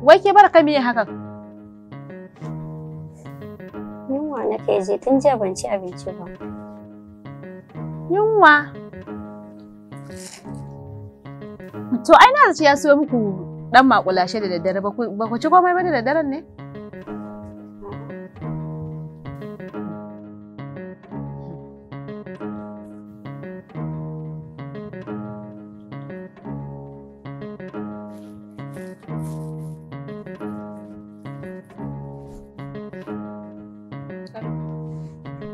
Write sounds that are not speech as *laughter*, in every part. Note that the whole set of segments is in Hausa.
Wai ke bar ka miye hakan? Yunwa ke je tun jiya ban ci abinci ba. Yunwa? To ai na zaci ya siyo muku dan makulashe da daddare ba ku ci komai ba da daddaren ne?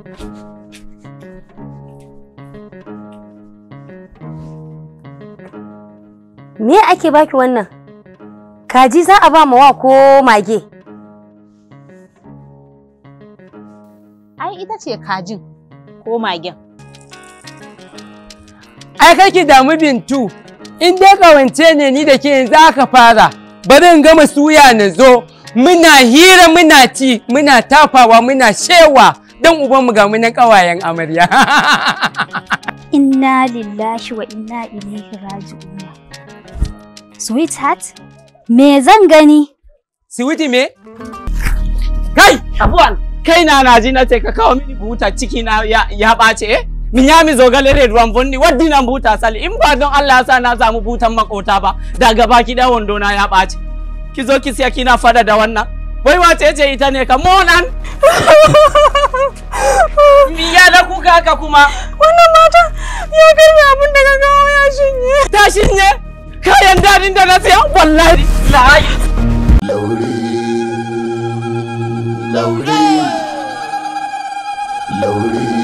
thank you me ake baki wannan kaji za a ba ma wa ko mage ai ita ce kajin ko magen ai kake damu bintu in dai kawance ne ni da ke za ka fara bari in gama suya na zo muna hira muna ci muna tafawa muna shewa don ubanmu ga mu na ƙawayen amarya *laughs* inna lillahi wa inna ilaihi raji'un Sweetheart, me zan gani? Sweetie me? Kai! Abuwan! Kai na na ji na ce ka kawo mini buta ciki na ya ɓace eh? zogale red ruwan bunni waddi nan buta sali in ba don Allah ya sa na samu butan makota ba daga baki da wando na ya ɓace. Ki zo ki siya kina fada da wannan. Wai wace ce ita ne ka monan? *laughs* Ya da kuka haka kuma. Wannan mata ya gani abin da ka kawo ya shinye. Ta shinye? kayan dadin da na siya wallahi lahi lauri lauri eh. lauri